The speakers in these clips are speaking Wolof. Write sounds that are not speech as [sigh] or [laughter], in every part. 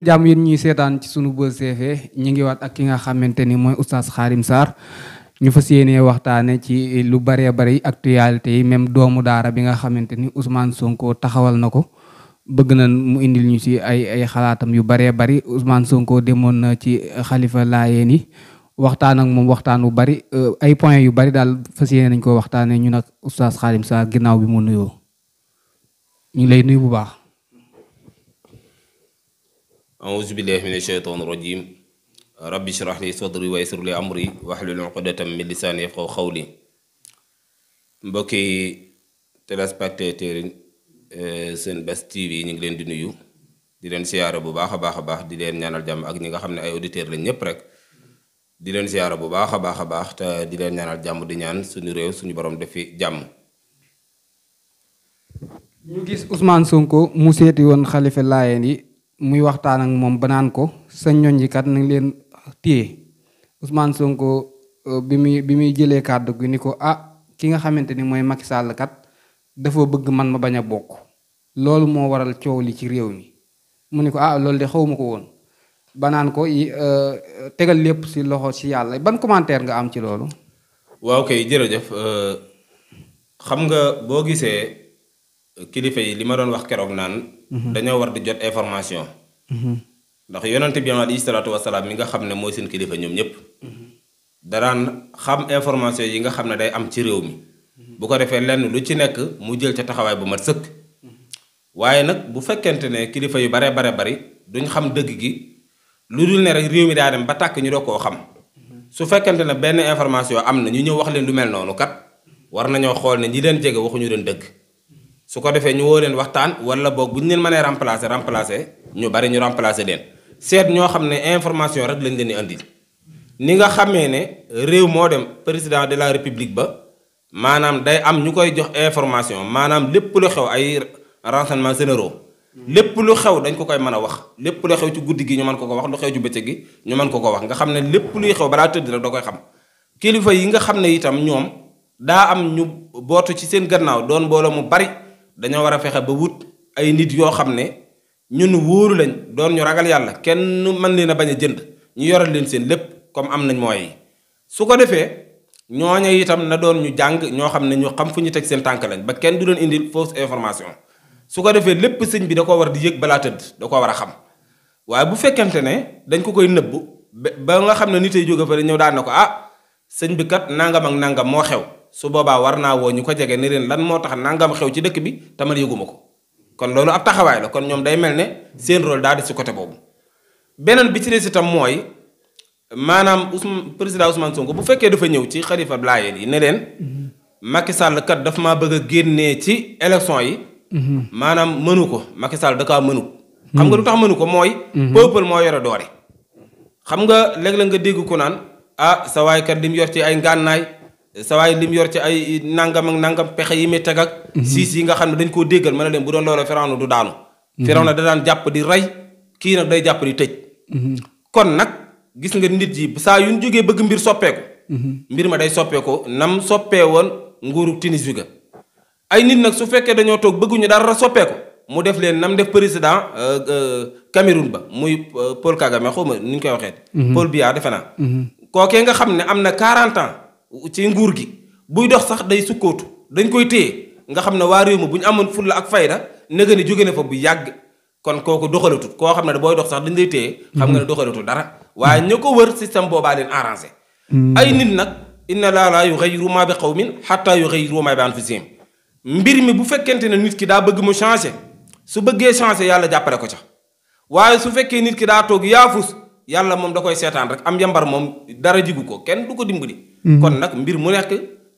jàmm yéen ñuy seetaan ci sunu Buzz TV ñu ngi waat ak ki nga xamante ni mooy oustaz Xaarim Sarr ñu fas yéenee waxtaane ci lu bëree bëri actualité yi même doomu daara bi nga xamante ni Ousmane Sonko taxawal na ko bëgg na mu indi ñu ci ay xalaatam yu bëree bëri Ousmane Sonko demoon na ci xalifa laayeen yi waxtaan ak moom waxtaan bu bëri euh, ay points yu bëri daal fas yéene nañ ko waxtaanee ñu nag oustaz Xaarim Sarr ginnaaw bi mu nuyoo ñu lay nuyu bu baax. auzu billahi mina shaytaani rajim rabbi shrah li sadri wa yassir li amri wahlul uqdatam min lisaani yafqahu qawli mbokki téléspectateurs eh, Senbuzz TV ñu ngi leen di nuyu di leen siyaara bu baax a baax a baax di leen ñaanal jàmm ak ñi nga xam ne ay auditeurs lañ ñëpp rek di leen siyaara bu baax a baax a baax di leen ñaanal jàmm di suñu réew suñu borom def jàmm. Sonko mu seeti woon xalifa laayeen yi muy waxtaan ak moom banaan ko sa ñoñ yi nañ leen téye Ousmane Sonko euh, bi muy bi muy jëlee kàddu gi ni ko ah ki nga xamante ni mooy Macky Sall kat dafa bëgg man ma bañ a bokk loolu moo waral coow li ci réew mi mu ni ko ah loolu de xawma ko woon banaan ko euh, tegal lépp si loxo si yàlla ban commentaire nga am ci loolu waaw kay jërëjëf euh, xam nga boo gisee kilifa yi li ma doon wax keroog naan Mm-hmm. dañoo war di jot information. Mm-hmm. ndax yonent bi alayhi salaatu wasalaam mi nga xam ne mooy seen kilifa ñoom ñëpp. Mm-hmm. dara xam information yi nga xam ne day am ci réew mi. bu ko defee lenn lu ci nekk mu jël ca taxawaay bu mat sëkk. waaye nag bu fekkente ne kilifa yu bare bare bari duñ xam dëgg gi lu dul ne rek réew mi daa dem ba tàkk ñu doo koo xam. su fekkente ne benn information am na ñu ñëw wax leen lu mel noonu kat war nañoo xool ne ñi leen jege waxuñu leen dëgg. su ko defee ñu woo leen waxtaan wala boog bu ñu leen mënee remplacer remplacer ñu bari ñu remplacer leen seet ñoo xam ne information rek lañ leen di andi ni nga xamee ne réew moo dem président de la république ba maanaam day am ñu koy jox information maanaam lépp lu xew ay renseignements généraux lépp lu xew dañ ko koy mën a wax lépp lu xew ci guddi gi ñu mën ko ko wax lu xew ci bëccëg gi mën ko ko wax nga xam ne lépp luy xew balaa tëdd rek da koy xam kilifa yi nga xam ne itam ñoom daa am ñu bootu ci seen gannaaw doon mbooloo mu bari dañoo war a fexe ba wut ay nit yoo xam ne ñu nu wóoru lañ doon ñu ragal yàlla kenn mën leen a bañ a jënd ñu yoral leen seen lépp comme am nañ mooy yi su ko defee ñooñu itam na jàng ñoo xam ne ñu xam fu ñu teg seen tànk lañ ba kenn du leen indil fausse information su ko defee lépp sëñ bi da koo war di yëg balaa tëdd da koo war a xam waaye bu fekkente ne dañ ko koy nëbbu ba nga xam ne nit yi jóge fa ñëw daan na ko ah sëñ bi kat nangam ak nangam moo xew. su boobaa war naa woo ñu ko jege ni leen lan moo tax nangam xew ci dëkk bi tamal yëguma ko kon loolu ab taxawaay la kon ñoom day mel ne seen rôle daal di si côté boobu. beneen bi ci des itam mooy maanaam Ousmane président Ousmane Sonko bu fekkee dafa ñëw ci xalifa Laayeen yi ne leen. Macky Sall kat daf maa bëgg a génnee ci élection yi. maanaam mënu ko Macky Sall da kaa mënu. xam nga lu tax mënu ko mooy. peuple moo yore doore. xam nga léeg-léeg nga dégg ko naan ah sa waay kat li yor ci ay ngànnaay. sawaay li mu yor ci ay nangam nangam pexe yi muy teg ak siis yi nga xam ne dañ koo déggal mën a leen bu doon loolu Firawna du daanu mhm. Firawna da daan jàpp di rey kii nag day jàpp di tëj mhm. kon nag gis nga nit yi saa yu ñu jógee bëgg mbir soppeeku mhm. mbir ma day soppeeku nam soppee woon nguuru Tunis bi ga ay nit nag su fekkee dañoo toog bëgguñu dara soppeeku mu def leen nam def président euh, euh, Cameroun ba muy euh, Paul Kagame xaw ma koy waxee Paul Biya defe naa na ci nguur gi buy dox sax day sukkootu dañ koy téye nga xam ne waa réew ma bu ñu amoon fulla ak fayda nega ni jóge na fa bu yàgg kon kooku doxalatul koo xam ne booy dox sax dañ lay téye xam nga ne mm-hmm. doxalatul dara waaye ña ko wër système boobaa leen arrangé mm-hmm. ay nit nag inna laa laa yughayyiru maa bi qawmin hattaa yughayyiru maa bi anfusihim mbir mi bu fekkente ne nit ki daa bëgg mu changé su bëggee changé yàlla jàppale ko ca waaye su fekkee nit ki yàlla moom da koy seetaan rek am yambar moom dara jigu ko kenn du ko dimbali. Mhm. kon nag mbir mu nekk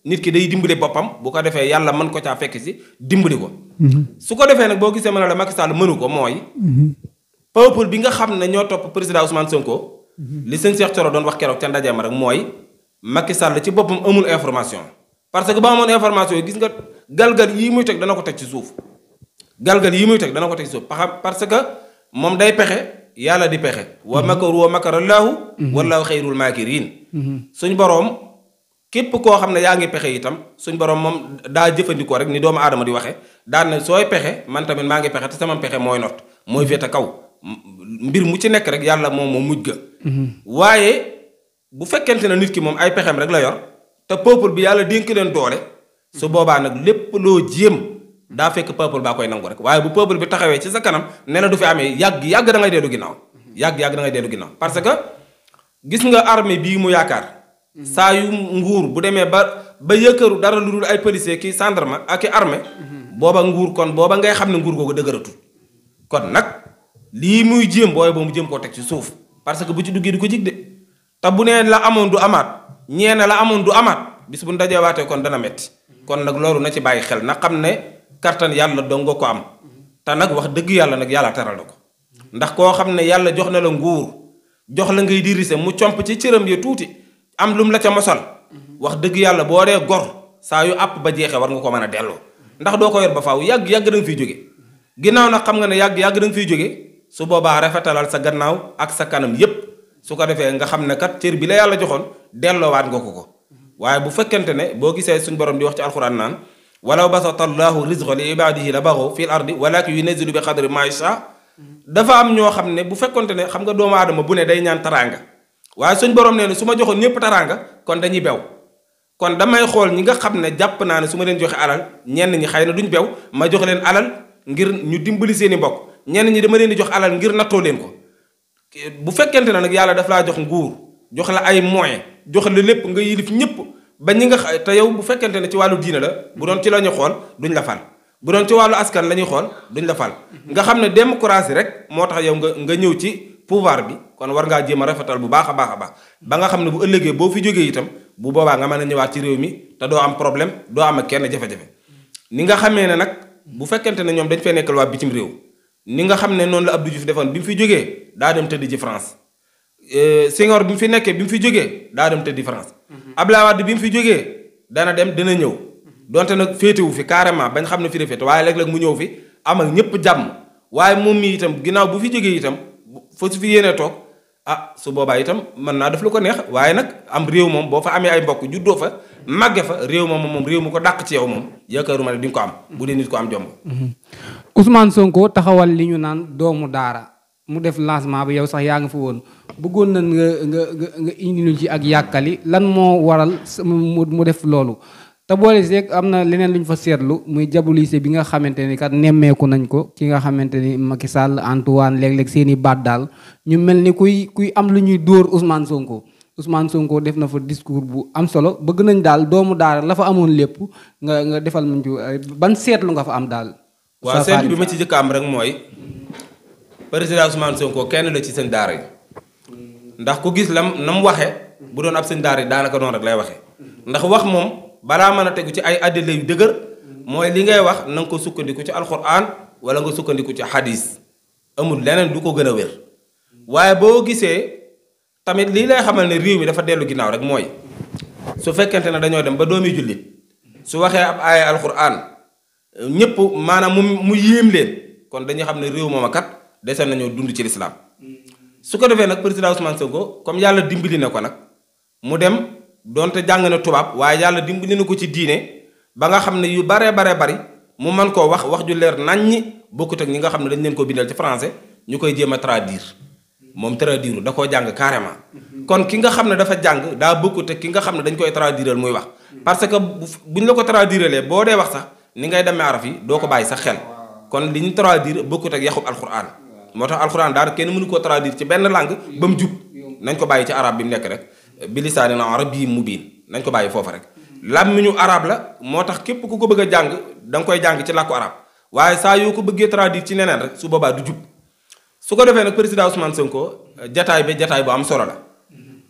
nit ki day dimbali boppam bu ko defee yàlla man ko caa fekk si dimbali ko. Mhm. su ko defee nag boo gisee ma na la Macky Sall mënu ko mooy. Mhm. peuple bi nga xam ne ñoo topp président Ousmane Sonko. li sëñ Cheikh doon wax keroog ca ndaje ma rek mooy Macky Sall ci boppam amul information. parce que ba amoon information gis nga galgal yii muy teg dana ko teg ci suuf galgal yii muy teg dana ko teg ci suuf parce que moom day pexe. yàlla di pexe wa mhm. makaru wa makarallaahu mhm. wallaahu xayrul maakiriin mhm. suñ boroom képp koo xam ne yaa ngi pexe itam suñ boroom moom daa jëfandikoo rek ni doomu aadama di waxe daan na sooy pexe man tamit maa ngi pexe te sama pexe mooy not mooy féete kaw mbir mu ci nekk rek yàlla moom moo mujj ga waaye bu fekkente ne nit ki moom ay pexem rek la yor te peuple bi yàlla dénk leen doole su boobaa nag lépp loo jéem daa fekk peuple baa koy nangu rek waaye bu peuple bi taxawee ci sa kanam nee na du fi amee yàgg yàgg da ngay dellu ginnaaw yàgg-yàgg da ngay dellu ginnaaw parce que gis nga armée bii mu yaakaar saa yu nguur bu demee ba ba yëkkëru dara lu dul ay policier ki gendarme ak i armée booba nguur kon booba ngay xam ne nguur ko dëgëratu kon nag lii muy jéem booy ba mu jéem koo teg ci suuf parce que bu ci duggee di ko jig de te bu nee la amoon du amaat ñee la amoon du amaat bis bu ndajeewaatee kon dana metti kon nag loolu na ci bàyyi xel na xam ne kattan yàlla dong nga ko am te nag wax dëgg yàlla nag yàlla teral na ko ndax koo xam ne yàlla jox na la nguur jox la ngay dirise mu comp ci cëram ya tuuti am lu mu la ca mosal wax dëgg yàlla boo dee gor saa yu àpp ba jeexee war nga ko mën a delloo ndax doo ko yor ba faw yàgg yàgg danga fi jóge ginnaaw nag xam nga ne yàgg yàgg danga fi jóge su boobaa rafetalal sa gannaaw ak sa kanam yépp su ko defee nga xam ne kat cër bi la yàlla joxoon delloowaat nga ko ko bu fekkente ne boo gisee suñu borom di wax ci alxuraan naan walaw basata allahu rizqa li ibadihi la baxaw fil ardi walakin yunazzilu bi qadri ma yasha dafa am ñoo xam ne bu fekkonte ne xam nga doomu aadama bu ne day ñaan taraanga waaye suñ borom nee na su ma joxoon ñëpp taraanga kon dañuy bew kon damay xool ñi nga xam ne jàpp naa ne su ma leen joxe alal ñenn ñi xëy na duñ bew ma jox leen alal ngir ñu dimbali seen i mbokk ñenn ñi dama leen di jox alal ngir nattoo leen ko bu fekkente ne nag yàlla daf laa jox nguur jox la ay moyens jox la lépp nga yilif ñëpp ba ñi nga xa te yow bu fekkente ne ci wàllu diina la bu doon ci la ñu xool duñ la fal bu doon ci wàllu askan la ñuy xool duñ la fal nga xam ne démocratie rek moo tax yow nga nga ñëw ci pouvoir bi kon war ngaa jéem a rafetal bu baax a baax a baax ba nga xam ne bu ëllëgee boo fi jógee itam bu boobaa nga mën a ñëwaat ci réew mi te doo am problème doo am ak kenn jafe-jafe ni nga xamee ne nag bu fekkente ne ñoom dañ fee nekkal waa bitim réew ni nga xam ne noonu la Abdou Diouf defoon bi mu fi jógee daa dem tëdd ci France Euh, Senghor bi mu fi nekkee bi mu fi jógee daa dem tëddi France. Mhm. Abdoulaye Wade bi mu fi jógee dana dem dana ñëw. donte nag féetewu fi carrément bañ xam ne fi la féete waaye léeg mu ñëw fi am ñëpp jàmm waaye moom mi itam ginnaaw bu fi jógee itam fa su fi yéenee toog ah su boobaa itam mën naa def lu ko neex waaye nag am réew moom boo fa amee ay mbokk juddoo fa màgge fa réew moom moom réew mu ko dàq ci yow moom yaakaaruma ne di ko am. bu dee nit ko am jomb. Mhm. Ousmane Sonko taxawal li ñu naan doomu daara. mu def lancement bi yow sax yaa ngi fa woon bëggoon nañ nga nga nga indi lu ci ak yàkkali lan moo waral mu def loolu te boole am na leneen lu ñu fa seetlu muy diaboliser bi nga xamante ni kat nemmeeku nañ ko ki nga xamante ni Macky Sall Antoine léeg-léeg seen i baat daal ñu mel ni kuy kuy am lu ñuy dóor usmaan Sonko usmaan Sonko def na fa discours bu am solo bëgg nañ daal doomu daara la fa amoon lépp nga nga defal mu ban seetlu nga fa am daal. waaw seetlu bi ma ci jëkk am rek mooy. président Ousmane Sonko kenn la ci seen daara yi ndax ku gis lam na mu waxee bu doon ab seen daara yi daanaka doon rek lay waxe ndax wax moom balaa mën a tegu ci ay addila yu dëgër mooy li ngay wax na nga ko sukkandiku ci alxuraan wala nga sukkandiku ci hadis amul leneen du ko gën a wér waaye boo gisee tamit lii lay xamal ne réew mi dafa dellu ginnaaw rek mooy su fekkente ne dañoo dem ba doomi jullit su waxee ab aaya alxuraan ñëpp maanaam mu mu yéem kon dañuy xam ne réew moom dese nañoo dund ci lislaam su ko defee nag président Ousmane Sonko comme yàlla dimbali na ko nag mu dem donte jàng na tubaab waaye yàlla dimbali na ko ci diine ba nga xam ne yu baree baree bari mu mën koo wax wax ju leer naññi bokkut ak ñi nga xam ne dañ leen ko bindal ci français ñu koy jéem a traduire moom traduire da koo jàng carrément. kon ki nga xam ne dafa jàng daa bokkut ak ki nga xam ne dañ koy traduiral muy wax. parce que bu buñ la ko traduiralee boo dee wax sax ni ngay demee araf doo ko bàyyi sax xel kon li ñu traduire bokkut ak yaxub alquran. moo tax alxuraan daal kenn mënu koo traduire ci benn langue ba mu jub nañ ko bàyyi ci arab bi mu nekk rek bi lisaanin mu mubiin nañ ko bàyyi foofa rek làmmiñu araab la moo tax képp ku ko bëgg a jàng danga koy jàng ci làkku arab waaye saa yoo ko bëggee traduire ci neneen rek su boobaa du jub su ko defee ne président Ousmane Sonko jataay bi jataay bu am solo la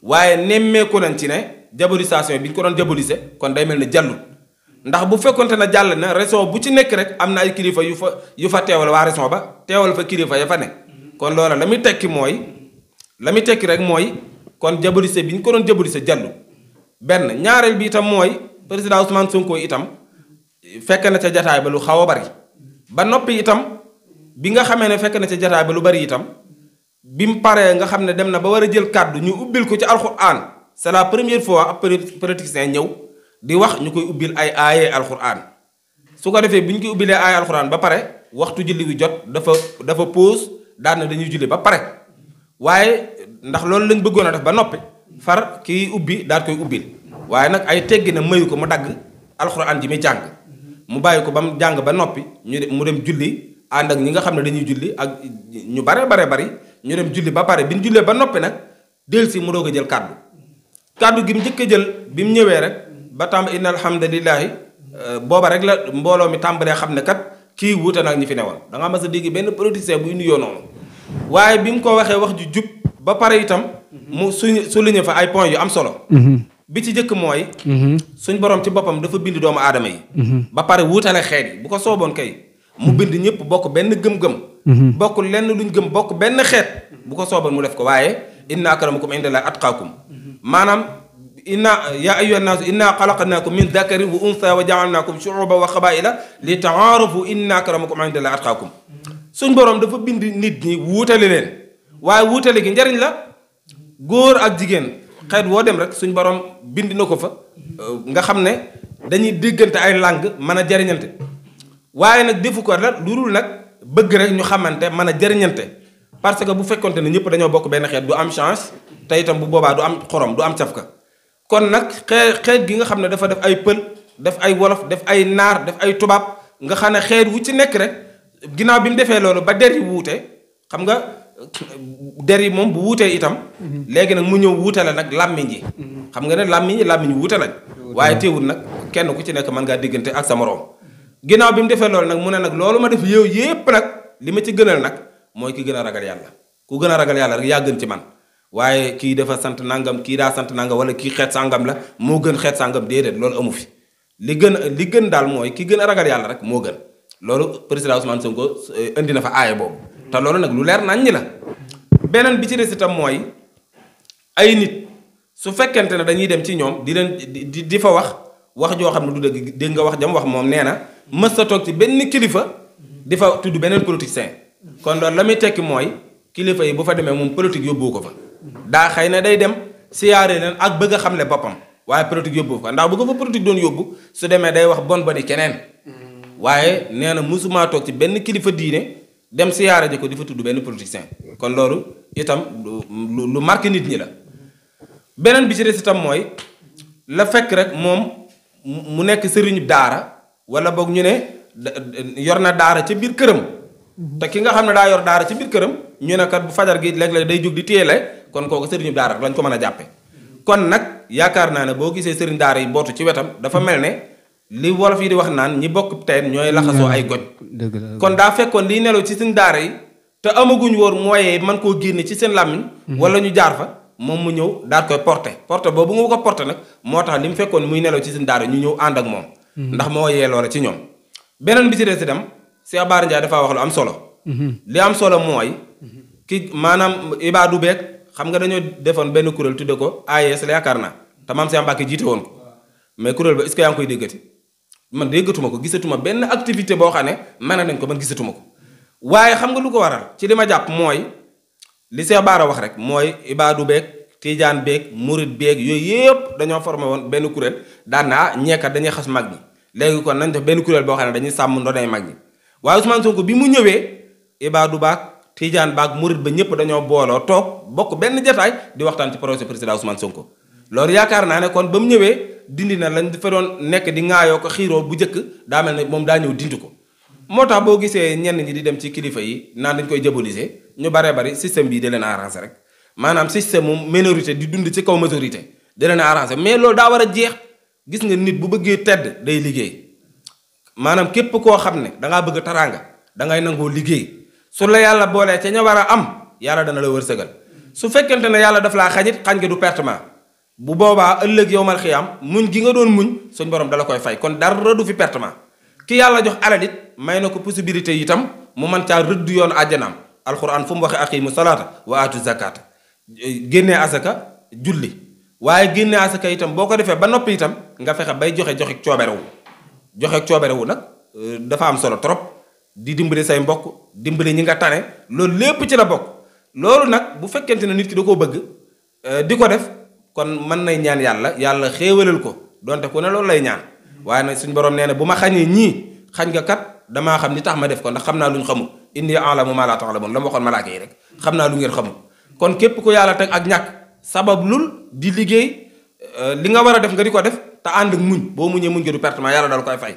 waaye nemmeeku nañ ci ne diabolisation bi ñu ko doon diaboliser kon day mel ne jàllul ndax bu fekkonte na jàll na région bu ci nekk rek am na ay kilifa yu fa yu fa teewal waa région ba teewal fa kilifa ya fa nekk. kon loola la muy tekki mooy la muy tekki rek mooy kon jabolise bi ñu ko doon jabolise jàllu benn ñaareel bi itam mooy président Ousmane Sonko itam fekk na ca jataay ba lu xaw a bari ba noppi itam bi nga xamee ne fekk na ca jataay ba lu bari itam bi mu paree nga xam ne dem na ba war a jël kàddu ñu ubbil ko ci alxuraan c'est la première fois ab politicien ñëw. di wax ñu koy ubbil ay aaye alxuraan su ko defee bu ñu koy ubbilee aaye alxuraan ba pare waxtu julli wi jot dafa dafa pause daan na dañuy julli ba pare waaye ndax loolu lañ bëggoon a def ba noppi far kii ubbi daal koy waaye nag ay teggi na ko mu dagg alxuraan ji muy jàng mu bàyyi ko ba mu jàng ba noppi ñu mu dem julli ànd ak ñi nga xam ne dañuy julli ak ñu bare bare bari ñu dem julli ba pare bi ñu jullee ba noppi nag delsi mu doog a jël kàddu kàddu gi mu njëkk a jël bi mu ñëwee rek ba tam inna alhamdulilahi euh, booba rek la mbooloo mi tàmbalee xam ne kat kii wuute nag ñi fi newoon da nga mas a dégg benn politicien buy nuyoo noonu waaye bi mu ko waxee wax ju jub ba pare itam mu suñu souligné fa ay points yu am solo mhm. bi ci jëkk mooy mhm. suñ borom ci boppam dafa bind doomu aadama yi mhm. ba pare wuutale xeet yi bu ko sooboon kay mu bind ñëpp bokk benn gëm-gëm bokk lenn luñ gëm bokk benn xeet bu ko sooboon mu def ko waaye inna akramakum indallahi at maanaam inna yaa ayyuha naasu inna xalaqnaakum min dakarin wa naa ko jaalnaakum shuuba wa xabaila li taarafu inna akramakum indallahi atqaakum suñ borom dafa bind nit ñi wuutale leen waaye wuutale gi njariñ la góor ak jigéen xeet woo dem rek suñ borom bind na ko fa nga xam ne dañuy déggante ay langue mën a jariñante waaye nag defu ko la lu dul nag bëgg rek ñu xamante mën a jariñante parce que bu fekkonte ne ñëpp dañoo bokk benn xeet du am chance te itam bu boobaa du am xorom du am ka kon nag xeet xeet gi nga xam ne dafa def ay pël def ay wolof def ay naar def ay tubaab nga xam ne xeet wu ci nekk rek ginnaaw bi mu defee loolu ba der yi wuute xam nga der yi moom bu wuutee itam mhm. léegi nag mu ñëw wuute la nag làmmiñ yi mhm. xam nga ne làmmiñ yi làmmiñ wuute lañ waaye teewul nag kenn ku ci nekk mën ngaa diggante ak sa moroom ginnaaw bi mu defee loolu nag mu ne nag loolu ma def yow yépp nag li ma ci gënal nag mooy ki gën a ragal yàlla ku gën a ragal yàlla rek yaa ci man waaye kii dafa sant nangam kii daa sant nangam wala kii xeet sàngam la moo gën xeet sàngam déedéet loolu amu fi li gën li gën daal mooy ki gën a ragal yàlla rek moo gën loolu président Ousmane Sonko euh, fa aaye boobu te loolu nag lu leer nañ ñi la bi ci des itam mooy ay nit su fekkente ne dañuy dem ci ñoom di leen di di fa wax wax joo xam ne du dëgg nga wax jam wax moom nee na mës sa toog ci benn kilifa di fa tudd beneen politicien kon loolu la muy tekki mooy kilifa yi bu fa demee moom politique yóbbu ko fa daa xëy na day dem siyaare neen ak bëgg a xam ne boppam waaye politique yóbbu ko ndax bu ko fa politique doon yóbbu su demee day wax bon boni keneen waaye nee na musumaa toog ci benn kilifa diine dem siyaare ji ko di fa tudd benn politicien kon loolu itam lu lu nit ñi la beneen bi ci des itam mooy la fekk rek moom mu nekk sëriñu daara wala boog ñu ne yor na daara ca biir këram te ki nga xam ne daa yor daara ca biir këram ñu ne kat bu fajar gi léeg-léeg day jóg di téyele kon kooku sëriñu daara lañ ko mën a jàppe kon nag yaakaar naa ne boo gisee sëriñ daara yi bootu ci wetam dafa mel ne li wolof yi di wax naan ñi bokk teen ñooy laxasoo ay goj kon daa fekkoon liy nelaw ci seen daara yi te amaguñ woon mooyee man koo génne ci seen làmmiñ mhm. wala ñu jaar fa moom mu ñëw daal koy porté porté boobu nga ko porté nag moo tax li mu fekkoon muy nelaw ci seen daara ñu ñëw ànd ak moom mhm. ndax moo yee loola ci ñoom beneen bi ci des itam Cheikh Bara Ndiaye dafaa wax lu am solo mhm. li am solo mooy ki maanaam ibaadu beeg xam nga dañoo defoon benn kuréel tudde ko AES la yaakaar naa te maam Cheikh Mbacké jiite woon ko mais kuréel ba est-ce que yaa ngi koy déggati man déggatuma ko gisatuma benn activité boo xam ne mën nañ ko man gisatuma ko waaye xam nga lu ko war a ci li ma jàpp mooy li see baar a wax rek mooy ibaa du beeg tijaan beeg murid beeg yooyu yëpp dañoo formé woon benn kuréel daan ah ñeekat dañuy xas mag ñi léegi kon nañ def benn kuréel boo xam ne dañuy sàmm ndonay Tidiane baag Murit ba ñëpp dañoo booloo toog bokk benn jataay di waxtaan ci projet président Ousmane Sonko. loolu yaakaar naa ne kon ba mu ñëwee dindi na lañ fa doon nekk di ŋaayoo ko xiiroo bu njëkk daa mel ne moom daa ñëw dindi ko. moo tax boo gisee ñenn ñi di dem ci kilifa yi naan dañ koy jaboliser ñu baree bari système bii da leen arrangé rek maanaam système mu minorité di dund ci kaw majorité da leen arrangé mais loolu daa war a jeex gis nga nit bu bëggee tedd day liggéey maanaam képp koo xam ne da ngaa bëgg taraanga da nangoo liggéey. su la yàlla boolee ca ña war a am yàlla dana la wërsëgal su fekkente ne yàlla daf laa xañit xañ nga du pertement bu boobaa ëllëg yow mal xiyaam muñ gi nga doon muñ suñ borom dala koy fay kon dara du fi pertement ki yàlla jox alal it may na ko possibilité itam mu mën caa rëdd yoon àjjanaam alxuraan fu mu waxee aqiimu salaata wa aatu zakaata génnee asaka julli waaye génnee asaka itam boo ko defee ba noppi itam nga fexe bay joxe joxe cooberewu joxe cooberewu nag euh, dafa am solo trop di dimbali say mbokk dimbali ñi nga tane loolu lépp ci la bokk loolu nag bu fekkente ne nit ki da koo bëgg euh, di ko def kon man nay ñaan yàlla yàlla xéewalal ko donte ku ne loolu lay ñaan waaye nag suñu borom nee na bu ma xañee ñii xañ nga kat damaa xam ni tax ma def ko ndax xam naa lu ñu xamul inni laa ma la ta'lamun la ma waxoon malaaka yi rek xam naa lu ngeen xamul kon képp ko yàlla teg ak ñàkk sabab lul di liggéey euh, li nga war a def nga di ko def te ànd ak muñ boo muñ ko du pertement yàlla dal koy fay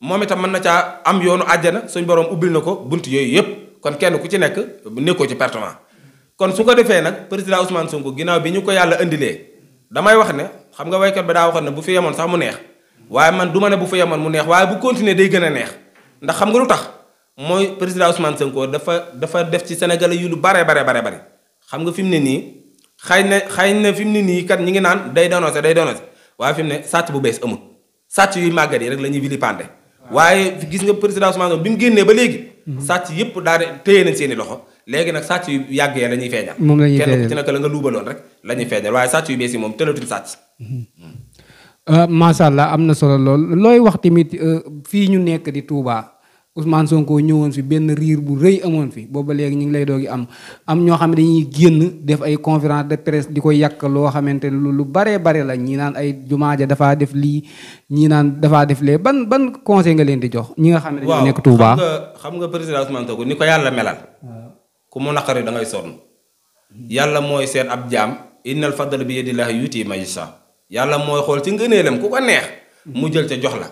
moom itam mën na caa am yoonu àjjana suñ borom ubbil na ko bunt yooyu yëpp kon kenn ku ci nekk bu nekkoo ci pertement kon su ko defee nag président Ousmane Sonko ginnaaw bi ñu ko yàlla indilee damay wax ne xam nga waykat bi daa waxoon ne bu fi yemoon sax mu neex waaye man du ma ne bu fi yemoon mu neex waaye bu continuer day gën a neex ndax nga lu tax mooy président Ousmane Sonko dafa dafa def ci Sénégal yu lu bare bare bare xam nga fi mu ne nii xëy na xëy na fi mu ne nii kat ñi ngi naan day donoose day donoose waaye fi mu ne sàcc bu bees amul sàcc yuy màggat yi rek la ñuy vilipender waaye gis nga président Ousmane bi mu génnee ba léegi. Mhm. sàcc yëpp daal téye nañ seen i loxo. léegi nag sàcc yu yàggee yee ñuy feeñal. moom la ñuy feeñal kenn ku ci nekk la nga luubaloon rek la ñuy feeñal waaye sàcc yu bees yi moom tëlatuñ sàcc. Mhm. Mm. Euh, macha allah am na solo lool looy wax tamit euh, fii ñu nekk di tuubaa Ousmane Sonko ñëwoon fi benn riir bu rëy amoon fi booba léegi ñu lay doogi am am ñoo xam ne dañuy génn def ay confirence de presse di ko yàq loo xamante ne lu baree bare la ñi naan ay jumaaja dafaa def lii ñi naan dafaa def lee ban ban conseil nga leen di jox ñi nga xam ne dañoo nekk Touba xam nga président Ousmane Sonko ni ko yàlla melal ku mu naqari da ngay sonn yàlla mooy seen ab jaam innal fadla bi yadillahi yuti may yasha yàlla mooy xool ci ngënee ku ko neex mu jël ca jox la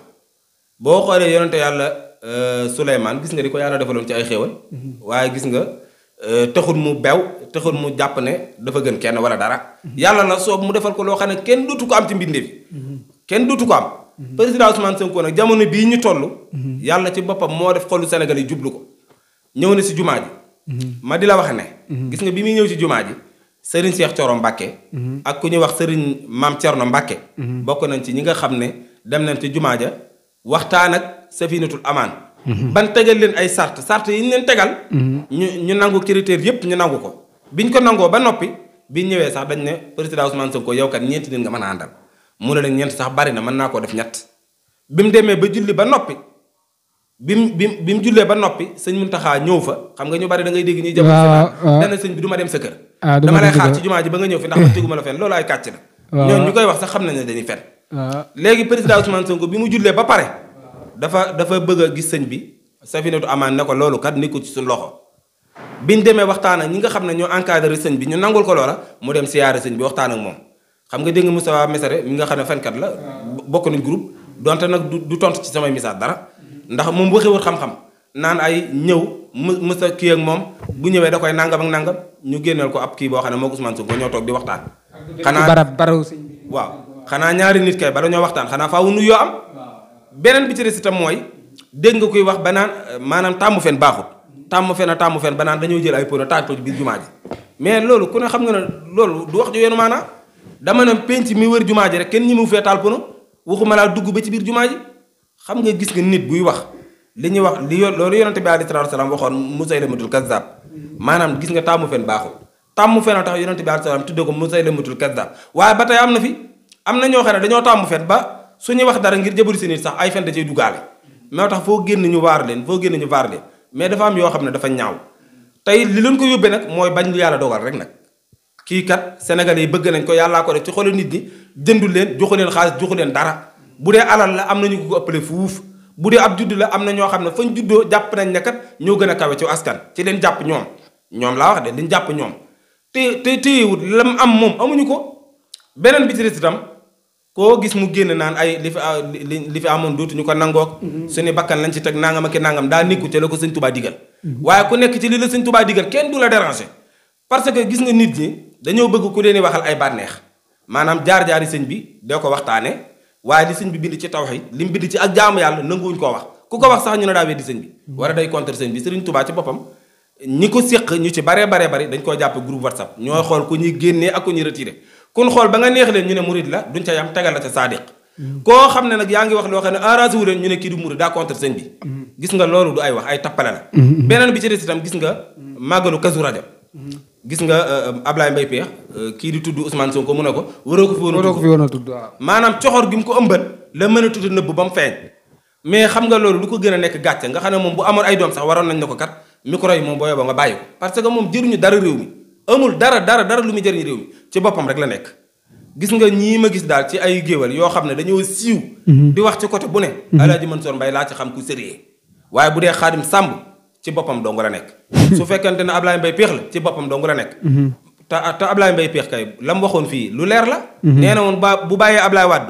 Euh, Souleymane gis nga di ko yàlla defaloon ci ay xéewal waaye gis nga euh, taxul mu bew taxul mu jàpp ne dafa gën kenn wala dara yàlla na soob mu defal ko loo xam ne kenn dootu ko am ci mbindee bi kenn dootu ko am président Ousmane Sonko nag jamono bii ñu toll yàlla ci boppam moo def xolu senegal yi jublu ko ñëw na si jumaa ji ma di la wax ne gis nga bi muy ñëw ci jumaa ji sëriñ Cheikh Thioro Mbacke ak ku ñuy wax sëriñ Maam Thierno Mbacke bokk nañ ci ñi nga xam ne dem nañ jumaa waxtaan ak safinatul amaan mhm. ban tegal leen ay sart sart yi ñu leen tegal mhm. ñu ñu nangu critères yëpp ñu nangu ko biñ ko nangoo ba noppi bi ñëwee sax dañ ne président Ousmane Sonko yow kat ñeenti nit nga mën a àndal mu ne leen ñeent sax bari na mën naa koo def ñett bi mu demee ba julli ba noppi bi mu bi mu jullee ba noppi sëñ Muntaxa ñëw fa xam nga ñu bari da ngay dégg ñuy jëm dana sëñ bi du ma dem sa kër ah, dama lay xaar ci jumaa ji ba nga ñëw fi ndax ma [laughs] loolu ay kàcc la ñu koy wax sax xam nañ ne dañuy fen Euh. léegi président Ousmane Sonko bi mu jullee ba pare. dafa dafa bëgg a gis sëñ bi. du Amaan ne ko loolu kat nekkul ci suñ loxo. biñ demee waxtaan ak ñi nga xam ne ñoo encadré sëñ bi ñu nangul ko loola mu dem siyaare sëñ bi waxtaan ak moom. xam nga dégg nga Moustapha Messere mi nga xam ne fenkat la. bokk nañ groupe. donte nag du du tontu ci samay message dara. ndax moom waxewul xam-xam. naan ay ñëw mu mësa kii ak moom bu ñëwee da koy nangam ak nangam ñu génneel ko ab kii boo xam ne moo Ousmane Sonko ñoo toog di waxtaan. xanaa barab baraw sëñ bi waaw. xanaa ñaari nit kay bala ñoo waxtaan xanaa faaw nuyoo am beneen bi ci des itam mooy dégg nga koy wax ba naan maanaam tàmmu fen baaxut tàmmu fen a tàmmu fen ba naan dañoo jël ay pono taaj ko biir jumaa mais loolu ku ne xam nga ne loolu wax ju yoonu dama ne penc mi wër jumaa ji kenn ñi mu fee taal pono waxuma laa dugg ba ci biir jumaa xam nga gis nga nit buy wax li ñuy wax li yo loolu yonente bi alayhi salaatu salaam waxoon musaylamatul kazzab maanaam gis nga tàmmu fen baaxul tàmmu fen a tax yonente bi alayhi salaam tudde ko musaylamatul kazzab waaye ba tey am na fi am na ñoo xam ne dañoo tàmm fen ba suñuy wax dara ngir jëbëri si nit sax ay fen da cay duggaale moo tax foo génn ñu waar leen foo génn ñu waar leen mais dafa am yoo xam ne dafa ñaaw tey li leen ko yóbbee nag mooy bañ lu yàlla dogal rek nag kii kat sénégalais yi bëgg nañ ko yàllaa ko def ci nit ñi jëndul leen joxu leen xaalis joxu leen dara bu dee alal la am nañu ko ëppale fuuf bu dee ab judd la am na ñoo xam ne fañ juddoo jàpp nañ ne kat ñoo gën a ci askan ci leen jàpp ñoom ñoom laa wax de jàpp ñoom te te téyewut lam am moom amuñu ko beneen bi ci des itam koo gis mu génn naan ay li fi ah, li fi amoon dootuñu ko nangook mm-hmm. suñu bakkan lañ ci teg nangam ak nangam daa nekku ci la ko sëñ tubaa digal mm-hmm. waaye ku nekk ci li la sëñ tubaa digal kenn du la déranger parce que gis nga nit ñi dañoo bëgg ku leen waxal ay bànneex maanaam jaar-jaari sëñ bi doo ko waxtaane waaye li sëñ bi bind ci tawhid li mu bind ci ak jaamu yàlla nanguwuñ koo wax ku ko wax sax ñu ne daa weddi sëñ bi mm-hmm. wala day contre sëñ bi sëriñ tubaa ci boppam ñi ko séq ñu ci baree baree bari dañ koo jàppe groupe whatsapp ñooy xool ku ñuy génnee ak ku ñuy retiré kun xool ba nga neex leen ñu ne murid la duñ ca yam tegal la sa saadiq koo xam ne nag yaa ngi wax loo xam ne arrangé wu leen ñu ne kii du murid daa contre sëñ bi gis nga loolu du ay wax ay tappale la beneen bi ci des itam gis nga màggalu kasu rajab gis nga euh, euh, Ablaye Mbaye Peex euh, kii di tudd Ousmane ko mu ne ko waroo ko fi woon a tudd maanaam coxor gi mu ko ëmbal la mën a tudd nëbb ba mu feeñ mais xam nga loolu lu ko gën a nekk gàcce nga xam ne mo bu amoon ay waroon nañ ko kat nga bàyyi parce que moom jëruñu dara réew mi amul dara dara dara lu muy jëriñ réew mi ci boppam rek la nekk gis nga ñii ma gis daal ci ay géwél yoo xam ne dañoo siiw mhm. di wax ci côté bu ne mhm. Alaaji Mansour Mbaye laa ci xam ku sérieux waaye bu dee Xaadim Sàmb ci boppam dong nekk mhm. su fekkente ne Ablaye la ci boppam dong la nekk te te Ablaye Mbaye Péex kay la mu waxoon fii lu leer na woon ba bu bàyyee Ablaye Wade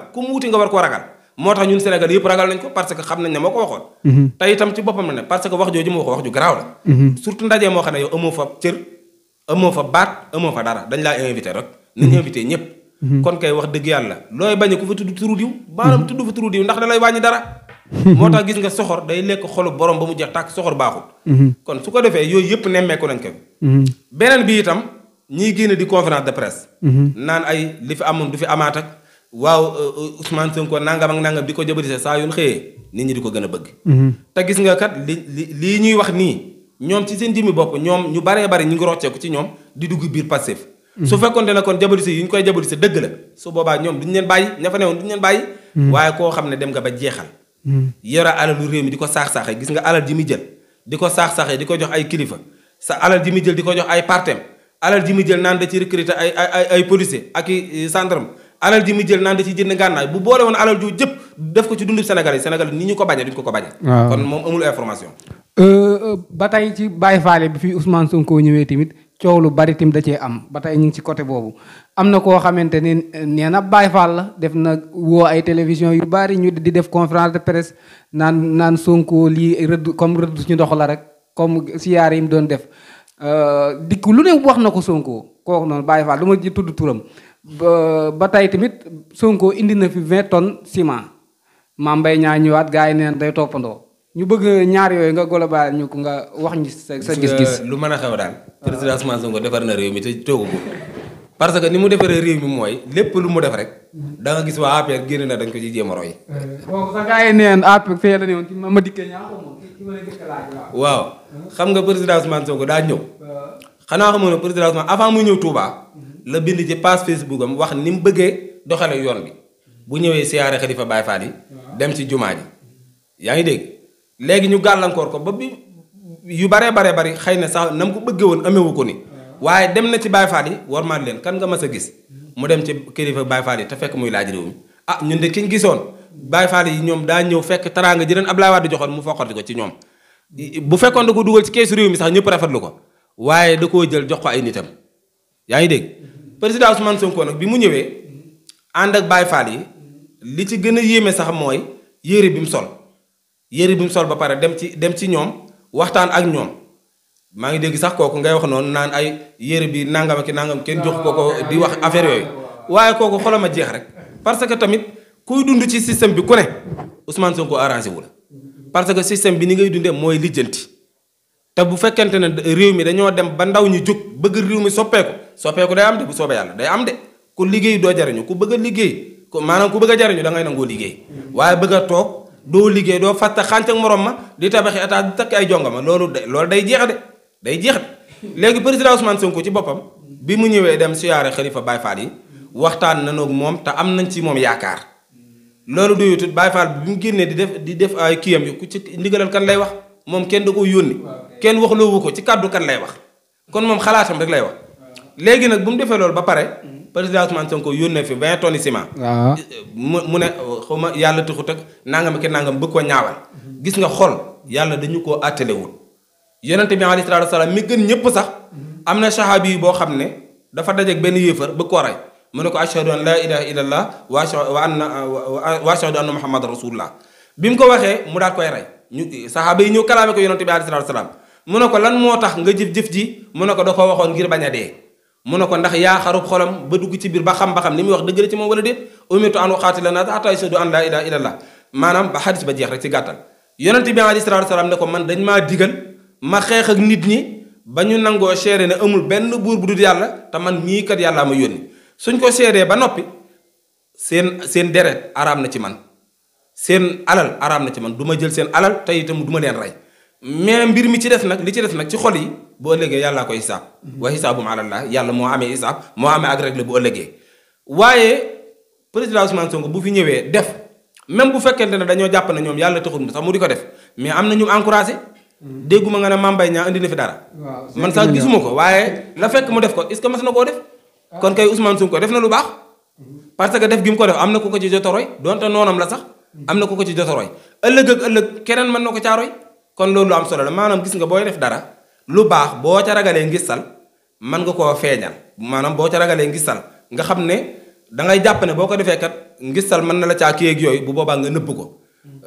tax ñun Sénégal yëpp ragal nañ ko parce que xam nañ ne moo ko waxoon te itam ci boppam ne parce que wax jooju mu wax wax ju garaaw la surtout ndaje moo xam ne yow amoo fa cër amoo fa baat amoo fa dara dañ laa invité rek nañ mhm. invité ñëpp mhm. kon kay wax dëgg yàlla looy bañ ku fa tudd turu diw mhm. baanaam tudd fa turu diw ndax da lay wàññi dara moo tax gis nga soxor day lekk xolu borom ba mu jeex tàkk soxor baaxul kon su ko defee yooyu yëpp nemmeeku nañ ko beneen bi itam ñi génn di conférence de presse naan ay li fi amoon du fi amaat ak waaw euh, euh, Ousmane Sonko nangam ak nangam di ko jëbërise saa yoon xëyee nit ñi di ko gën a bëgg te wax nii ñoom ci seen jëmmi bopp ñoom ñu bare bari ñu ngi rocceeku ci ñoom di dugg biir Pastef su fekkonte ne kon jabolise yi ñu koy jabolise dëgg la su boobaa ñoom duñu leen bàyyi ña fa newoon duñu leen bàyyi mm. waaye koo xam ne dem nga ba jeexal mm. yore alalu réew mi di ko saax-saaxee gis nga alal ji muy jël di ko saax-saaxee di ko jox ay kilifa sa alal ji muy jël di ko jox ay partem alal ji muy jël naan da ci recruter ay ay ay ak i gendarme alal ji mu jël naan da ci jënd gànnaay bu boole woon alal ju jëpp def ko ci dundu Sénégal yi Sénégal ni ñu ko bañee duñ ko ko bañee. kon moom information. Euh, euh, ba tey ci Baye Fallé bi fi Ousmane Sonko ñëwee tamit coow lu bari tamit da cee am ba tey ñu ngi ci côté boobu am na koo xamante ne euh, nee na Baye Fall la def na woo ay télévision yu bari ñu di def conférence de presse naan naan Sonko lii rëdd comme rëdd suñu ndox la rek comme siyaar yi mu doon def dikk lu ne wax na ko Sonko kooku noonu Baye Fall du ma ji tudd turam. ba tey tamit Sonko indi na fi vingt tonnes ciment Mame Mbaye Niang ñëwaat gars yi neen day toppandoo ñu bëgg ñaar yooyu nga global ñu ko nga wax ngi sa sa gis-gis. lu mën a xew daal. président Ousmane Sonko defar na réew mi te toogu ko parce que ni mu defaree réew mi mooy lépp lu mu def rek da gis waa APR génn na dañ ko ci jéem a roy. bon sa gars yi neen APR fee la ne waaw xam nga président Ousmane Sonko daa ñëw. xanaa xamoon ne avant mu ñëw Touba. la bind ci page Facebook am wax ni mu bëggee doxale yoon bi bu ñëwee siyaare xalifa Baay Faal yi dem ci jumaa ji yaa ngi dégg léegi ñu gàllankoor ko ba bi yu baree baree bari xëy na sax na mu ko bëggee woon amewu ko ni waaye dem na ci Baay Faal yi war maat leen kan nga mas a gis mu dem ci kilifa Baay Faal yi te fekk muy laaj réew mi ah ñun de kiñ gisoon Baay Faal yi ñoom daa ñëw fekk taraanga ji ab Ablaye Wade joxoon mu foqati ko ci ñoom bu fekkoon da ko dugal ci keesu réew mi sax ñëpp rafetlu ko waaye da koo jël jox ko ay nitam yaa ngi dégg président Ousmane Sonko nag bi mu ñëwee ànd ak baay Fall yi li ci gën a yéeme sax mooy yére bi mu sol yére bi sol ba pare dem ci dem ci ñoom waxtaan ak ñoom maa ngi dégg sax kooku ngay wax noonu naan ay yére bi nangam ki nangam kenn jox ko ko di wax affaire yooyu waaye kooku xolam a jeex rek parce que tamit kuy dund ci système bi ku ne Ousmane Sonko arrangé la parce que système bi ni ngay dundee mooy lijjanti te bu fekkente ne réew mi dañoo dem ba ndaw ñu jóg bëgg réew mi soppeeku. soppeeku day am de bu soobee yàlla day am de ku liggéey doo jariñu ku bëgg a liggéey ku maanaam ku bëgg a jariñu da nangoo liggéey waaye bëgg a toog doo liggéey doo fàtta xànc ak morom ma di tabaxi état di takk ay jonga loolu de loolu day jeex de day jeex de léegi président Ousmane ko ci boppam bi mu ñëwee dem siyaare xalifa Baye Fall yi waxtaan na noog moom te am nañ ci moom yaakaar loolu doyutut Baye Fall bi mu génnee di def di def ay kiyam yi ku ci ndigalal kan lay wax moom kenn da ko yónni kenn waxloowu ko ci kàddu kan lay wax kon moom xalaatam rek lay wax léegi nag bu mu defee loolu ba pare. Mm. président Ousmane Sonko yónnee fi vingt tonnes ciment. waaw ah. mu mu ne xaw ma yàlla taxut ak nangam ki nangam bëgg ko ñaawal. Mm-hmm. gis nga xol yàlla dañu ko attelé woon. yonente bi alayhi salaatu wasalaam mi gën ñëpp sax. Mm-hmm. am na saxaabi yi boo xam ne dafa dajeeg benn yéefar bëgg ko mu ne ko ashhadu an laa ilaaha illallah wa anna wa ashhadu anna muhammadan rasulullah bi mu ko waxee mu daal koy rey ñu saxaaba yi ñëw kalaame ko yonente bi alayhi salaatu wasalaam mu ne ko lan moo tax nga jëf jëf ji mu ne ko da koo waxoon ngir bañ a dee. mu ne ko ndax yaa xarub xolam ba dugg ci biir ba xam ba xam li muy wax dëgg la ci moom wala déet umirtu an uqaatila naasa hattaa yashhadu an laa ilaaha illallaah maanaam ba xadis ba jeex rek ci gàttal yonent bi alayhi salaatu salaam ne ko man dañ maa digal ma xeex ak nit ñi ba ñu nangoo seere ne amul benn buur bu dul yàlla te man mii kat yàllaa ma yónni suñ ko seeree ba noppi seen seen deret araam na ci man seen alal araam na ci man duma jël seen alal tey itam du ma leen rey mais mbir mi ci def nag li ci def nag ci xol yi bu ëllëgee yàllaa koy hisaab wa hisaabum alallah yàlla moo amee hisaab moo amee ak règle bu ëllëgee waaye président Ousmane Sonko bu fi ñëwee def même bu fekkente ne dañoo jàpp ne ñoom yàlla taxul sax mu di ko def mais am na ñu encouragé dégguma nga ne Mame Mbaye Niang indi fi dara man sax gisuma ko waaye la fekk mu def ko est-ce que mas na koo def ah. kon kay Ousmane ko def na lu baax parce que def gi mu ko def am na ku ko ci jotoroy donte noonam la sax am na ku ko ci jotoroy ëllëg ak ëllëg keneen mën na ko caaroy kon loolu am solo la maanaam gis nga booy def dara lu baax boo ca ragalee ngistal mën nga koo feeñal maanaam boo ca ragalee ngistal nga xam ne da ngay jàpp ne boo ko defee kat ngistal mën na la caa kii ak yooyu bu boobaa nga nëbb ko.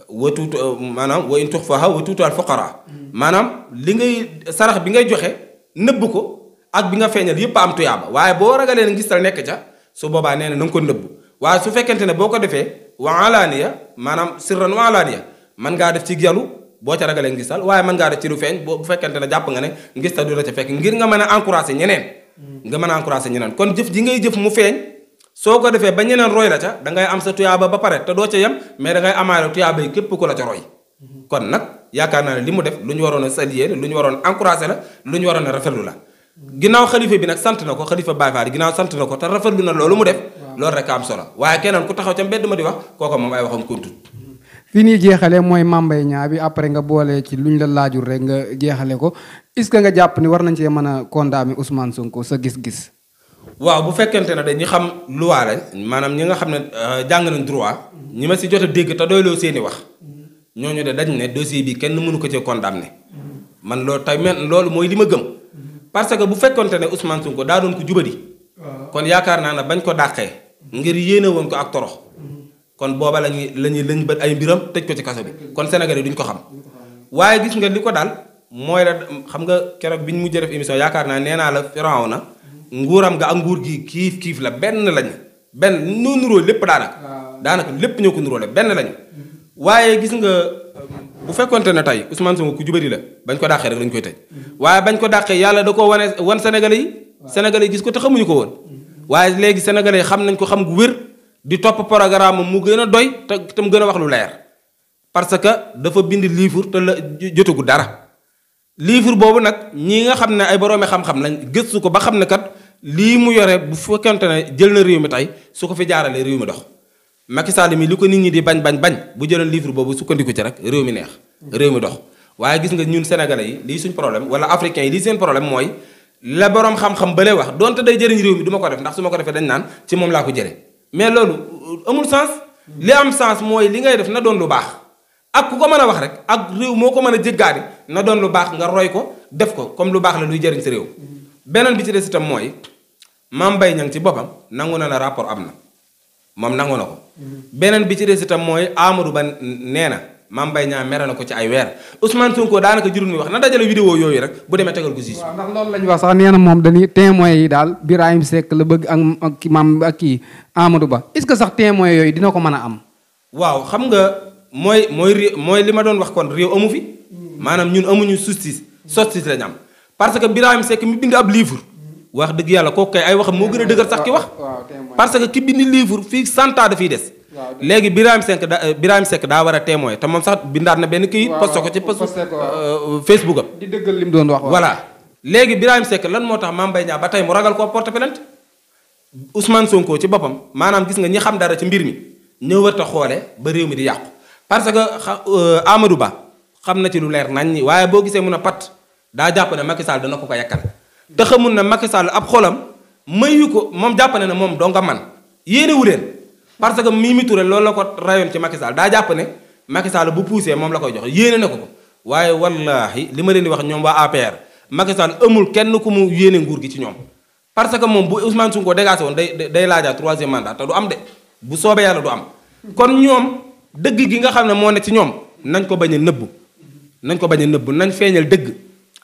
wa tuut maanaam wa in tuxfaha wa tuutu maanaam li ngay sarax bi ngay joxe nëbb ko ak bi nga feeñal yëpp am tuyaaba waaye boo ragalee ngistal nekk ca su boobaa na na nga ko nëbb waaye su fekkente ne boo ko defee wa maanaam sirran wa mën ngaa def ci yalu boo ca ragalee ngistal waaye mën ngaa rek ci lu feeñ boo bu fekkente ne jàpp nga ne ngistal du la ca fekk ngir nga mën a encouragé ñeneen mm. nga mën a encouragé ñeneen kon jëf ji ngay jëf mu feeñ soo ko defee ba ñeneen roy la ca da ngay am sa tuyaaba ba pare te doo ca yem mais da ngay amaale tuyaaba yi képp ko la ca roy mm-hmm. kon nag yaakaar naa ne li mu def lu ñu waroon a saluer lu ñu waroon encouragé la lu ñu waroon a rafetlu la mm-hmm. ginnaaw xalifa bi nag sant na ko xalifa Baay Faal sant na ko te na loolu mu def loolu rek am solo waaye ku taxaw ca mbedd ma di wax kooko moom ay waxam kontut fi ñuy jeexale mooy mambay ñaa bi après nga boole ci luñ la laajul rek nga jeexale ko est-ce que nga jàpp ni war nañ cee mën a condamner Ousmane Sonko sa gis-gis. waaw bu fekkente ne dañu xam loi lañ maanaam ñi nga xam ne euh, jàng nañ droit ñi ma si jot a dégg te doyloo seen seeni wax ñooñu de dañ ne dossier bi kenn mënu ko cee condamner man loolu tey man loolu mooy li ma gëm parce que bu fekkonte ne Ousmane Sonko daa doon ko jubadi. kon yaakaar naa ne bañ ko dàqee. ngir yéene woon ko ak torox. kon booba la ñuy la ñuy lëñ bët ay mbiram tëj ko ci kaso bi kon Sénégal yi duñ ko xam waaye gis nga li ko daal mooy la xam nga keroog biñ mujjee def émission yaakaar naa nee naa la firaw na nguuram nga ak nguur gi kiif kiif la benn lañu benn ñoo nuróo lépp daanaka daanaka lépp ñoo ko nuróole benn lañu waaye gis nga bu fekkonte ne tey Ousmane Sonko ku jubari la bañ ko dàqee rek lañ koy tëj waaye bañ ko dàqee yàlla da ko wane wan senegal yi Sénégalais yi gis ko te xamuñu ko woon mm-hmm. waaye léegi Sénégalais yi xam nañ ko xam gu wér di topp programme mu gën a doy te te mu gën a wax lu leer parce que dafa bind livre te la jotagu dara livre boobu nag ñii nga xam ne ay boroomi xam-xam lañ gëstu ko ba xam ne kat lii mu yore bu fekkente ne jël na réew mi tey su ko fi jaaralee réew mi dox. Macky Sall mi li ko nit ñi di bañ bañ bañ bu jëlee livre boobu sukkandiku ci rek réew mi neex. réew mi dox waaye gis nga ñun sénégalais yi lii suñ problème wala africains yi lii seen problème mooy la borom xam-xam bële wax donte day jëriñ réew mi du ma ko def ndax su ma ko defee dañ naan ci moom laa ko jëlee. mais loolu amul sens li am sens mooy li ngay def na doon lu baax ak ku ko mën a wax rek ak réew moo ko mën a jéggaani na doon lu baax nga roy ko def ko comme lu baax la luy jëriñ sa réew. beneen bi ci des itam mooy Mame Mbaye Niang ci boppam nangu na na rapport am na moom nangu na ko. Mm-hmm. beneen bi ci des itam mooy Amadou Ba nee na. Mame Mbaye Niang mere na ko ci ay weer Ousmane Sonko daanaka jurul mi wax na dajale vidéo yooyu rek bu demee tegal ko juge. waaw ndax loolu lañu wax sax nee na moom dañuy témoins yi daal Birahim Seck maam ak kii Amadou Ba est-ce que sax témoins yooyu dina ko mën a am. waaw xam nga mooy mooy mooy li ma doon wax kon réew amu fi hmm. maanaam ñun amuñu justice justice lañ am parce que Birahim Seck mi nga ab livre. Hmm. wax dëgg yàlla kooku kay ay wax moo gën a dëgër sax ki wax. parce que ki bind livre fii cent ans dafiy des. léegi Birahim Seck da euh, Birahim Seck daa war a témoin te moom sax bindaat na benn kii posté ko ci post euh, Facebook am di li mu doon wax voilà léegi Birahim Seck lan moo tax maam bay Niang ba tey mu ragal koo porte plainte Ousmane Sonko ci boppam maanaam gis nga ñi xam dara ci mbir mi ñëw wër ta xoole ba réew mi di yàqu parce que euh, Amadou Ba xam na ci lu leer nañ ñi waaye boo gisee mun a pat daa jàpp ne Macky Sall dana ko ko yàkkal te xamul na Macky Sall ab xolam mayu ko moom jàpp ne moom doo nga man yéene wu parce que Mimi Touré loolu la ko rayoon ci Macky daa jàpp ne Macky Sall bu poussé moom la koy jox yéene na ko ko waaye wallaahi li ma leen di wax ñoom waa APR Macky amul kenn ku mu yéene nguur gi ci ñoom. parce que moom bu Ousmane Sonko dégagé woon day day laajaat troisième mandat te du am de bu soobee yàlla du am kon ñoom dëgg gi nga xam ne moo ne ci ñoom nañ ko bañ a nëbb nañ ko bañ a nëbb nañ feeñal dëgg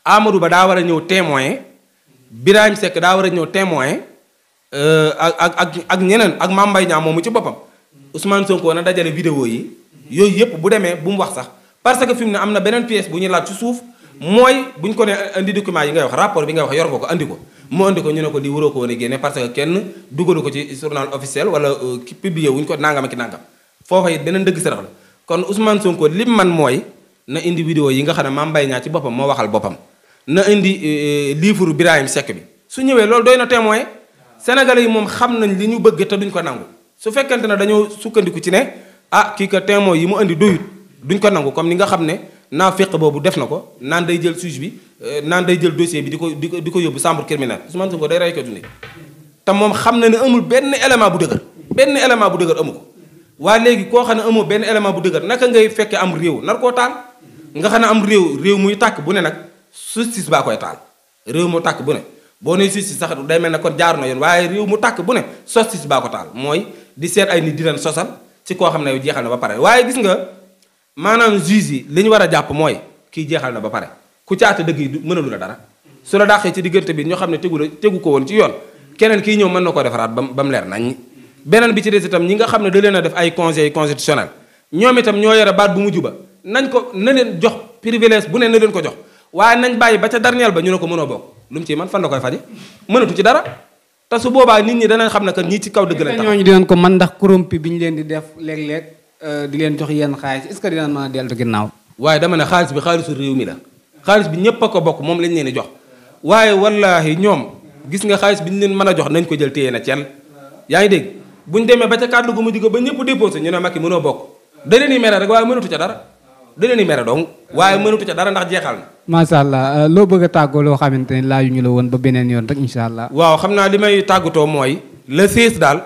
Amadou Ba daa war a ñëw témoin Birahim Seck daa war a ñëw témoin Euh, ak ak ak ak ñeneen ak Mame Mbaye Niang moomu ci boppam Ousmane Sonko na dajale vidéo yi yooyu yëpp bu demee bu mu wax sax parce que fi mu ne am na beneen pièce bu ñu laaj ci suuf mooy bu ñu ko ne indi document yi ngay wax rapport bi nga ko andi ko mu ko ñu ne ko di waroo que kenn dugalu ko ci journal officiel wala euh, ki publié ko nangam ak nangam foofa it beneen dëgg sarax la kon Ousmane Sonko lim man mooy na indi vidéo yi nga xam ne Mame Mbaye Niang ci boppam moo waxal boppam na indi euh, livre Birahim Seck bi su ñëwee loolu doy na témoin sénégalais yi moom xam nañ li ñu bëgg te duñ ko nangu su fekkente ne dañoo sukkandiku ci ne ah kii ko témoin yi mu indi doyut duñ ko nangu comme ni nga xam ne naa féq boobu def na ko naan day jël juge bi euh, naan day jël dossier bi di ko di ko yóbbu ko yóbbu chambre criminelle Ousmane Sonko day rey ko dundee te moom xam na ne amul benn élément bu dëgër benn élément bu dëgër amu ko waaye léegi koo xam ne amoo benn élément bu dëgër naka ngay fekke am réew nar koo taal nga xam ne am réew réew muy tàkk bu ne nag justice baa réew mu tàkk bu ne boo nee justice sax day mel ne kon jaar na yoon waaye réew mu tàkk bu ne justice baa ko taal mooy di seet ay nit di leen sosal ci koo xam ne yow jeexal na ba pare waaye gis nga maanaam juge yi li ñu war a jàpp mooy kii jeexal na ba pare ku caata dëgg yi mënalu la dara su la dàqee ci diggante bi ñoo xam ne tegu la tegu ko woon ci yoon keneen kii ñëw mën na ko defaraat ba ba mu leer nañ beneen bi ci des itam ñi xam ne da leen a def ay conseil constitutionnel itam ñoo yore baat bu mujj ba nañ ko na leen jox privilège bu ne na leen ko jox waaye nañ bàyyi ba ca dernier ba ñu ne ko mënoo bokk lu ci man fan la koy faje mënatu ci dara te su boobaa nit ñi danañ xam ne que ñii ci kaw dëgg lañ tax ñooñu dinañ ko man ndax korompi bi ñu leen di def léeg-léeg euh, di leen jox yenn xaalis est ce que dinañ mën ginnaaw waaye dama ne xaalis bi xaalisu réew la xaalis bi ñëpp ko bokk moom lañ leen di jox waaye wallaahi ñoom gis nga xaalis bi ñu leen mën a jox nañ ko jël téye na ceel yaa ngi dégg buñ demee ba ca kàddu gu mujj ba ñëpp déposé ñu ne Macky mënoo bokk da leen di mere rek waaye mënatu ca dara da leen di mere dong waaye mënatu ca dara ndax jeexal na. macha allah euh, loo bëgg a tàggoo loo xamante ne laaju ñu la woon ba beneen yoon rek incha allah. waaw xam naa li may tàggatoo mooy. le 16 daal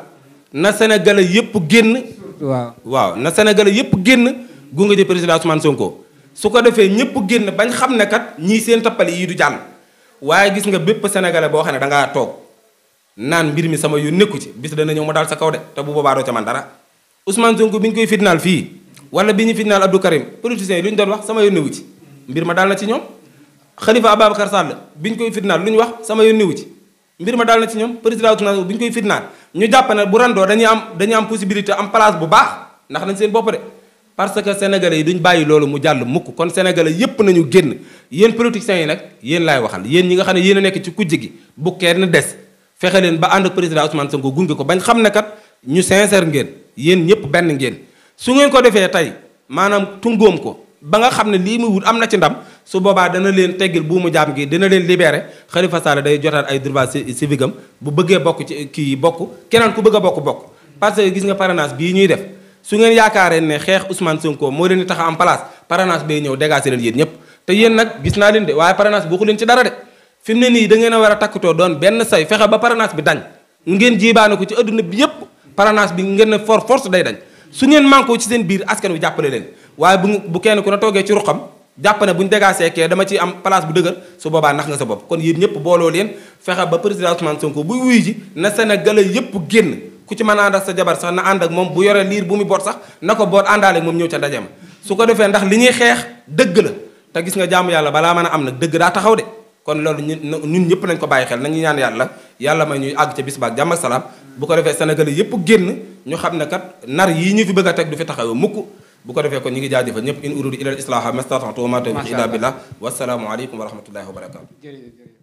na Sénégalais yëpp génn. waaw waaw na Sénégalais yëpp génn gunge ji président Ousmane Sonko. su ko defee ñëpp génn bañ xam ne kat ñii seen tappale yii du jàll waaye gis nga bépp sénégalais boo xam ne da ngaa toog naan mbir mi sama yu nekku ci bis dana ñëw ma daal sa kaw de te bu boobaa ca man dara Ousmane bi ñu koy fitnaal fii. wala bi ñu fitnaal Abdou Karim politiciens yi lu ñu doon wax sama yónni wu ci mbir ma daal na ci ñoom Khalifa Ababacar Sall bi ñu koy fitnaal lu ñu wax sama yónni wu ci mbir ma daal na ci ñoom président Ousmane bi ñu ñu jàpp ne bu randoo dañuy am dañuy am possibilité am place bu baax ndax nañ seen bopp de que sénégalais yi duñ bàyyi loolu mu jàll mukk kon sénégalais yépp nañu génn yéen politiciens yi nag yéen laay waxal yéen ñi nga xam ne yéen a nekk ci kujje gi bu kenn des fexe leen ba ànd ak président Ousmane Sonko gunge ko bañ xam ne kat ñu sincère ngeen yéen ñëpp benn ngeen su ngeen ko defee tey maanaam tungoom ko ba nga xam ne lii muy wut am na ci ndam su boobaa dana leen teggil buumu jaam gi dina leen libéré Khalifa Sall day jotaat ay droit civique am bu bëggee bokk ci kii bokk keneen ku bëgg a bokk bokk parce que gis nga parrainage bii ñuy def su ngeen yaakaaree ne xeex Ousmane Sonko moo leen di tax a am place parrainage bay ñëw dégagé leen yéen ñëpp te yéen nag gis naa leen de waaye parrainage bokku leen ci dara de fi mu ne nii da ngeen a war doon benn say fexe ba parrainage bi dañ ngeen jiibaane ko ci adduna bi yépp parrainage bi ngeen ne for force day dañ su ngeen mànkoo ci seen biir askan wi jàppale leen waaye bu bu kenn ku ne toogee ci ruqam jàpp ne bu ñu dégaasee kee dama ci am place bu dëgër su boobaa nax nga sa bopp kon yéen ñëpp booloo leen fexe ba président Ousmane Sonko bu wuy ji na Sénégalais yëpp génn ku ci mën a ànd sa jabar sax na ànd ak moom bu yore liir bu muy boot sax na ko boot àndaale moom ñëw ca ndaje ma su ko defee ndax li ñuy xeex dëgg la te gis nga jaamu yàlla balaa mën a am nag dëgg daa taxaw de kon loolu ñun ñun ñëpp nañ ko bàyyi xel nañu ñaan yàlla yàlla may ñuy àgg ca bis ba salaam bu ko defee sénégalais yëpp génn ñu xam ne kat nar yii ñu fi bëgg a teg du fi taxaw mukk bu ko defee kon ñu ngi jaajëfal ñëpp in uridu ila al islaha mastata'tu wa ma tawfiqi illa billah wassalaamu aleykum wa rahmatullahi wa barakatu